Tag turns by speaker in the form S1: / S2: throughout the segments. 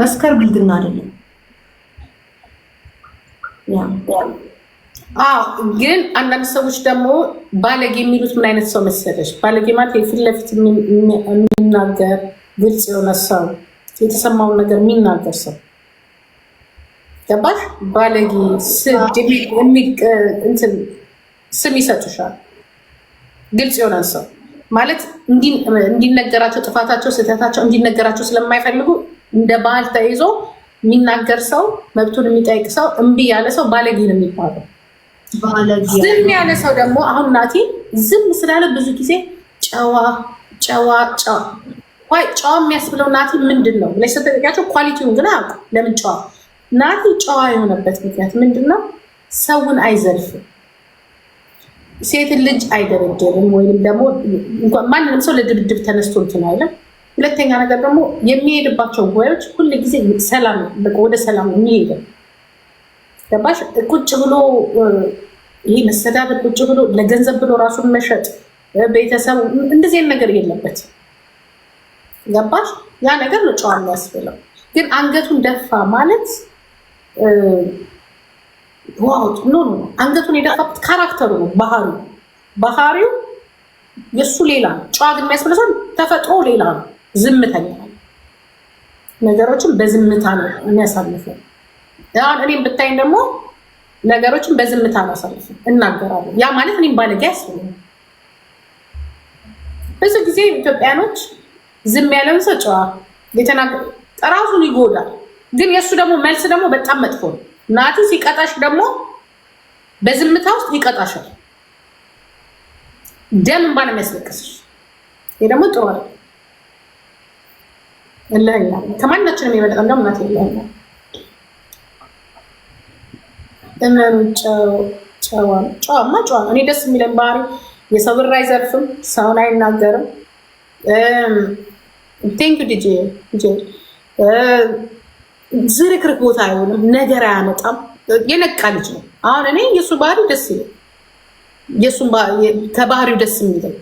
S1: መስከር ብልግና አይደለም። አዎ ግን አንዳንድ ሰዎች ደግሞ ባለጌ የሚሉት ምን አይነት ሰው መሰለች? ባለጌ ማለት የፊት ለፊት የሚናገር ግልጽ የሆነ ሰው፣ የተሰማውን ነገር የሚናገር ሰው ገባሽ? ባለጌ ስም ይሰጡሻል። ግልጽ የሆነ ሰው ማለት እንዲነገራቸው ጥፋታቸው፣ ስህተታቸው እንዲነገራቸው ስለማይፈልጉ እንደ ባህል ተይዞ የሚናገር ሰው መብቱን የሚጠይቅ ሰው እምቢ ያለ ሰው ባለጌ ነው የሚባለው። ዝም ያለ ሰው ደግሞ አሁን ናቲ ዝም ስላለ ብዙ ጊዜ ጨዋ ጨዋ ጨዋ የሚያስብለው ናቲ ምንድን ነው ብለሽ ስትጠይቂያቸው ኳሊቲውን ግን አያውቁም። ለምን ጨዋ ናቲ ጨዋ የሆነበት ምክንያት ምንድን ነው? ሰውን አይዘልፍም፣ ሴትን ልጅ አይደረደርም፣ ወይም ደግሞ ማንንም ሰው ለድብድብ ተነስቶ እንትን አይለም። ሁለተኛ ነገር ደግሞ የሚሄድባቸው ጉባኤዎች ሁል ጊዜ ሰላም ወደ ሰላም የሚሄድ ገባሽ? ቁጭ ብሎ ይህ መሰዳደር፣ ቁጭ ብሎ ለገንዘብ ብሎ ራሱን መሸጥ፣ ቤተሰቡ እንደዚህ ነገር የለበት። ገባሽ? ያ ነገር ነው ጨዋ ግን አንገቱን ደፋ ማለት ዋውጥ ኖ ነው። አንገቱን የደፋበት ካራክተሩ ነው፣ ባህሪው ባህሪው የእሱ ሌላ ነው። ጨዋ ግን የሚያስብለው ተፈጥሮ ሌላ ነው። ዝምተኛ ነገሮችን በዝምታ ነው የሚያሳልፈው። አሁን እኔም ብታይ ደግሞ ነገሮችን በዝምታ ነው አሳልፈው እናገራለሁ። ያ ማለት እኔም ባለጌ ያስብለ ብዙ ጊዜ ኢትዮጵያኖች ዝም ያለውን ሰው ጨዋ ራሱን ይጎዳል። ግን የእሱ ደግሞ መልስ ደግሞ በጣም መጥፎ ነው። ናቱ ሲቀጣሽ ደግሞ በዝምታ ውስጥ ይቀጣሻል። ደም እንባ ነው የሚያስለቅስሽ። ይህ ደግሞ ጥሩ አለ እልህኛ ከማናችንም የበለጠ እንደውም እናቴ እልህኛ እመኑ። ጨዋ ጨዋማ ጨዋ እኔ ደስ የሚለን ባህሪ የሰው ብር አይዘርፍም፣ ሰውን አይናገርም። ቴንክ ዲጄ ዝርክርክ ቦታ አይሆንም፣ ነገር አያመጣም። የነቃ ልጅ ነው። አሁን እኔ የእሱ ባህሪ ደስ ይላል። የእሱም ከባህሪው ደስ የሚለኝ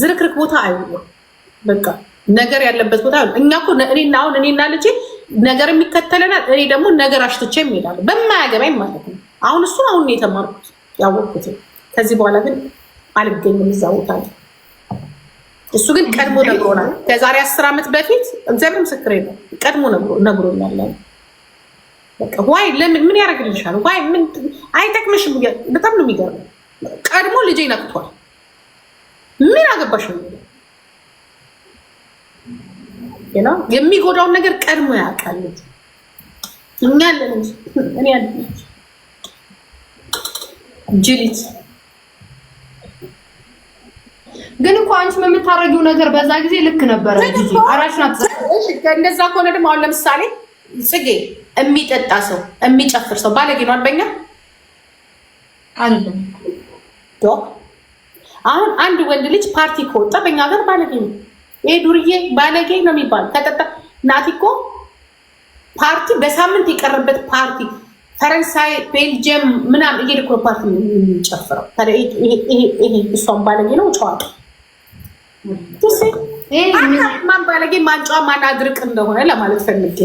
S1: ዝርክርክ ቦታ አይሆንም በቃ ነገር ያለበት ቦታ እኛ እኮ እኔና አሁን እኔና ልጄ ነገር የሚከተለናል። እኔ ደግሞ ነገር አሽትቼ የሚሄዳለ በማያገባኝ ማለት ነው። አሁን እሱ አሁን የተማርኩት ያወቅኩት። ከዚህ በኋላ ግን አልገኝም እዛ ቦታ። እሱ ግን ቀድሞ ነግሮናል። ከዛሬ አስር ዓመት በፊት እግዚአብሔር ምስክር ነው። ቀድሞ ነግሮኛል። ዋይ ለምን ምን ያደርግልሻል? ዋይ ምን አይጠቅምሽም። በጣም ነው የሚገርመው። ቀድሞ ልጄ ነቅቷል። ምን አገባሽ ነው የሚጎዳውን ነገር ቀድሞ ያውቃል። እኛ እኔ ያለ ጅሊት ግን እኮ አንቺ የምታረጊው ነገር በዛ ጊዜ ልክ ነበረ። አራሽ ናት። እንደዛ ከሆነ ደግሞ አሁን ለምሳሌ ጽጌ የሚጠጣ ሰው የሚጨፍር ሰው ባለጌ ነው አልበኛ አለ አሁን አንድ ወንድ ልጅ ፓርቲ ከወጣ በእኛ ሀገር ባለጌ ነው። ይሄ ዱርዬ ባለጌ ነው የሚባል ተጠጠ ናቲ እኮ ፓርቲ በሳምንት የቀረበት ፓርቲ ፈረንሳይ፣ ቤልጅየም ምናም እየሄደ እኮ ፓርቲ የሚጨፍረው እሷን ባለጌ ነው ጨዋቂ ማን ባለጌ ማንጫ ማን አድርቅ እንደሆነ ለማለት ፈልጌ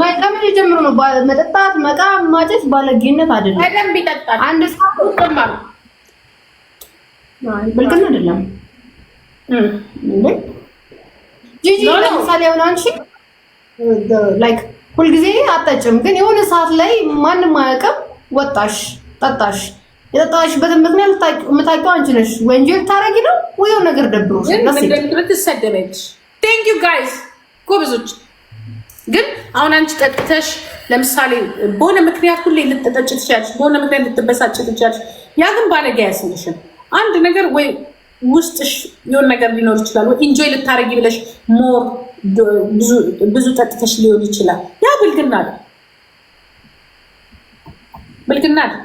S1: መቀመ ጀምሮ ነው። መጠጣት መቃም ማጨስ ባለጌነት አይደለም። በደንብ ይጠጣል። አንድ ብልቅና አይደለም። ጂጂ ለምሳሌ አሁን አንቺ ላይክ ሁልጊዜ አጠጭም፣ ግን የሆነ ሰዓት ላይ ማንም አያውቅም ወጣሽ፣ ጠጣሽ። የጠጣሽበትን ምክንያት የምታውቂው አንቺ ነሽ። ወንጀል ታረጊ ነው ወይ የሆነ ነገር ደብሮ ትሰደበች። ቴንክ ዩ ጋይዝ ጎበዞች። ግን አሁን አንቺ ጠጥተሽ ለምሳሌ በሆነ ምክንያት ሁሌ ልትጠጭ ትችላለች፣ በሆነ ምክንያት ልትበሳጭ ትችላለች። ያ ግን ባለጌ አያሰኝሽም። አንድ ነገር ወይ ውስጥሽ የሆነ ነገር ሊኖር ይችላል። ወይ ኢንጆይ ልታረጊ ብለሽ ሞር ብዙ ጠጥተሽ ሊሆን ይችላል። ያ ብልግና ነው፣ ብልግና ነው።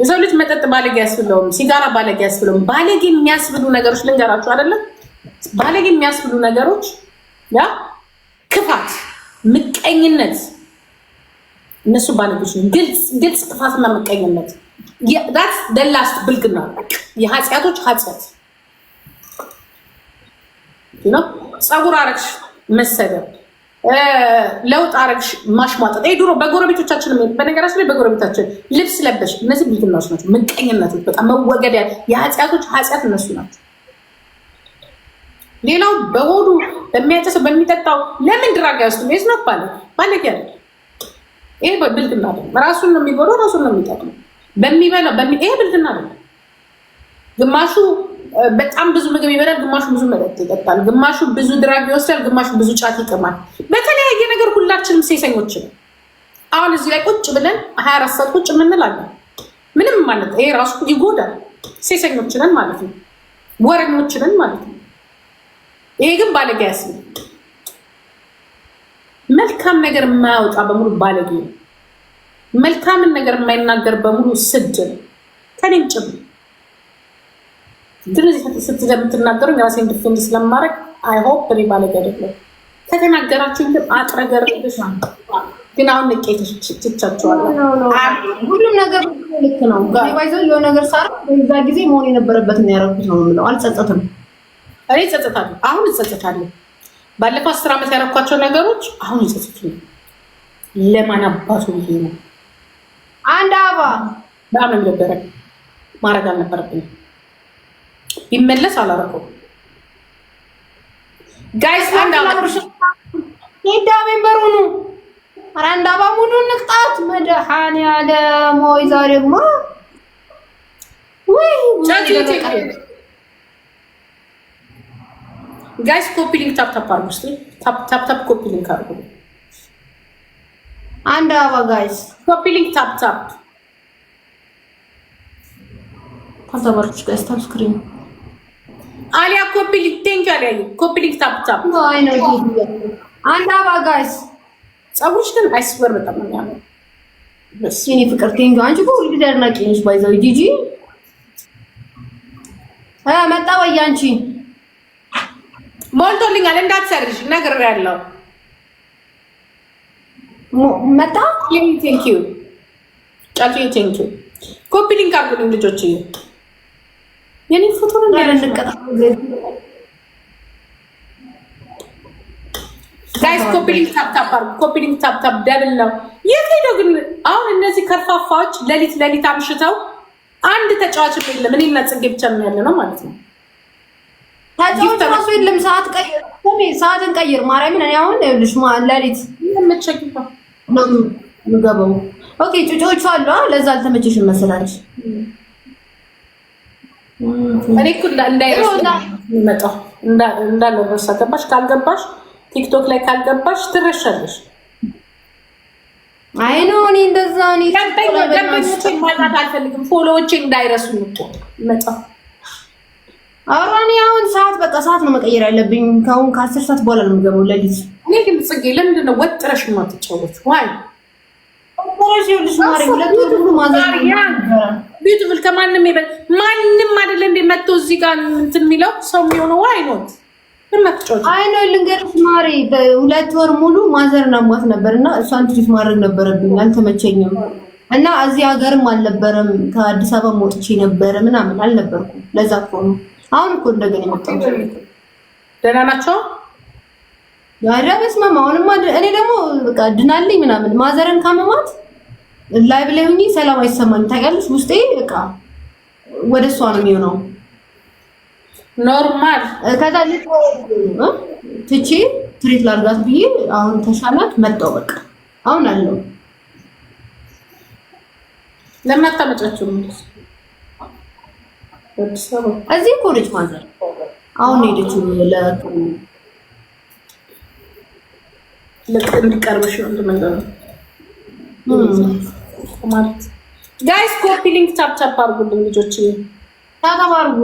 S1: የሰው ልጅ መጠጥ ባለጌ ያስብለውም፣ ሲጋራ ባለጌ ያስብለውም። ባለጌ የሚያስብሉ ነገሮች ልንገራችሁ አይደለም፣ ባለጌ የሚያስብሉ ነገሮች ያ ክፋት፣ ምቀኝነት፣ እነሱ ባለጌች ነው። ግልጽ ክፋትና ምቀኝነት ዳት ደላስት ብልግና የኃጢአቶች ኃጢአት ፀጉር አረግሽ መሰደብ፣ ለውጥ አረግሽ ማሽሟጠጥ። ድሮ በጎረቤቶቻችን በነገራችን ላይ በጎረቤታችን ልብስ ለበሽ። እነዚህ ብልግናዎች ናቸው፣ ምቀኝነቶች፣ በጣም መወገድ የኃጢአቶች ኃጢአት እነሱ ናቸው። ሌላው በሆዱ በሚያጨሰው በሚጠጣው ለምን ድራጋ ውስጥ ስ ነው ባለ ባለጊ ያለ ይሄ ብልግና አለ። ራሱን ነው የሚጎረው፣ ራሱን ነው የሚጠቅመው። በሚበላው ይሄ ብልግና አለ። ግማሹ በጣም ብዙ ምግብ ይበላል፣ ግማሹ ብዙ መጠጥ ይጠጣል፣ ግማሹ ብዙ ድራግ ይወስዳል፣ ግማሹ ብዙ ጫት ይቅማል። በተለያየ ነገር ሁላችንም ሴሰኞች ነው። አሁን እዚህ ላይ ቁጭ ብለን ሀያ አራት ሰዓት ቁጭ የምንላለን ምንም ማለት ይሄ ራሱ ይጎዳል። ሴሰኞችንን ማለት ነው፣ ወረኞችንን ማለት ነው። ይሄ ግን ባለጌ ያስብ መልካም ነገር የማያወጣ በሙሉ ባለጌ ነው። መልካምን ነገር የማይናገር በሙሉ ስድ ነው፣ ከኔም ጭምር ስለዚህ ስትዘምትናገሩኝ ራሴን ድፌንድ ስለማድረግ አይሆፕ እኔ ባለጌ አይደለም። ከተናገራችሁ ግን አጥረገር ግን አሁን ንቄት ትቻችኋለሁ። ሁሉም ነገር ልክ ነው። ይዞ የሆነ ነገር ሳ በዛ ጊዜ መሆን የነበረበት ያረኩት ነው የምለው። አልጸጸትም። እኔ እጸጸታለሁ። አሁን እጸጸታለሁ። ባለፈው አስር ዓመት ያረኳቸው ነገሮች አሁን ይጸጸቱ ለማን አባቱ ይሄ ነው አንድ አባ በጣም ነበረ ማድረግ አልነበረብኝም። ቢመለስ አላረኩም። ጋይስ አንድ ሄዳ ሜምበር ሁኑ። ኧረ አባ ሙሉ ንቅጣት መድኃኒዓለም ወይ ዛሬማ ወይ ጋይስ ኮፒ ሊንክ ታፕ ታፕ አርጉ። እስኪ ታፕ ታፕ ታፕ ኮፒ ሊንክ አርጉ። አንድ አበባ ጋይስ ኮፒ ሊንክ ታፕ ታፕ ታፕ አርጉ ጋይስ ታፕ ስክሪን አሊያ ኮፒ ሊንክ ቴንክ አሊያ ኮፒ ሊንክ ታፕ ታፕ አይ ነው አንድ አባ ጋይስ ጸጉርሽ ግን አይስበር በጣም ነው ያለው የኔ ፍቅር ቴንክ አንቺ እኮ ሁልጊዜ አድናቂ ነሽ ባይዘው ጂጂ አያ መጣ ወይ አንቺ ሞልቶልኛል እንዳትሰርሽ ነግሬያለሁ መጣ ቴንክ ዩ ቴንክ ዩ ኮፒ ሊንክ አድርጉልኝ ልጆችዬ የኔ ፎቶ ነው እንዳለንቀጣ ጋይስ ኮፒሊንግ ታፕታፕ አርጉ። ኮፒሊንግ ታፕታፕ ደብል ነው። የት ሄደው ግን አሁን እነዚህ ከርፋፋዎች ሌሊት ሌሊት አምሽተው አንድ ተጫዋች የለም። እኔ እና ጽጌ ብቻ ነው ያለ ነው ማለት ነው። ተጫዋች ራሱ የለም። ሰዓት ቀይር፣ ሰዓትን ቀይር። ማርያምን እኔ አሁን ይኸውልሽ ሌሊት የምትቸግባ ነው የምገባው። ኦኬ ጩጮቹ አሉ። ለዛ አልተመቸሽም መሰላች እኔ እኮ እንዳይመጣው እንዳልረሳ ገባሽ። ካልገባሽ ቲክቶክ ላይ ካልገባሽ ትረሻለሽ። አይ ነው እኔ እንደዛ እኔ አልፈልግም። ፎሎዎቼ እንዳይረሱ ምጡ ኧረ እኔ አሁን ሰዓት በቃ ሰዓት ነው መቀየር ያለብኝ። ከአሁን ከአስር ሰዓት በኋላ ነው የሚገባው ለሊት። እኔ ግን ፅጌ ለምንድን ነው ወጥረሽ የማትጫወት? ዋይ ወጥረሽ ይኸውልሽ ማሪ ሁለት ወር ማዘር ነበረ ቢዩቲፉል ከማንም ይበል ማንም አይደለ እንደ መጥቶ እዚህ ጋር እንትን የሚለው ሰው የሚሆነው ዋይ ኖት አይ ነው ልንገርሽ ማሬ በሁለት ወር ሙሉ ማዘር ናሟት ነበር እና እሷን ትሪት ማድረግ ነበረብኝ አልተመቸኝም እና እዚህ ሀገርም አልነበረም ከአዲስ አበባ ሞጥቼ ነበረ ምናምን አልነበርኩም ለዛ እኮ ነው አሁን እኮ እንደገና የመጣሁት ደህና ናቸው ያ በስመ አብ አሁንማ እኔ ደግሞ በቃ ድናልኝ ምናምን ማዘርን ካመማት ላይ ላይ ሆኜ ሰላም አይሰማኝ። ታውቂያለሽ፣ ውስጤ በቃ ወደ እሷ ነው የሚሆነው። ኖርማል ከዛ ልጅ ትቼ ትሪት ላርጋት ብዬ አሁን ተሻላት መጣው። በቃ አሁን አለው ለማታመጫቸው ምንድን እዚህ እኮ ልጅ ማዘር አሁን ሄደች ለእንዲቀርበሽ ነው ማለት ጋይስ ኮፒ ሊንክ ታፕ ታፕ አርጉልኝ ልጆች ተባርጉ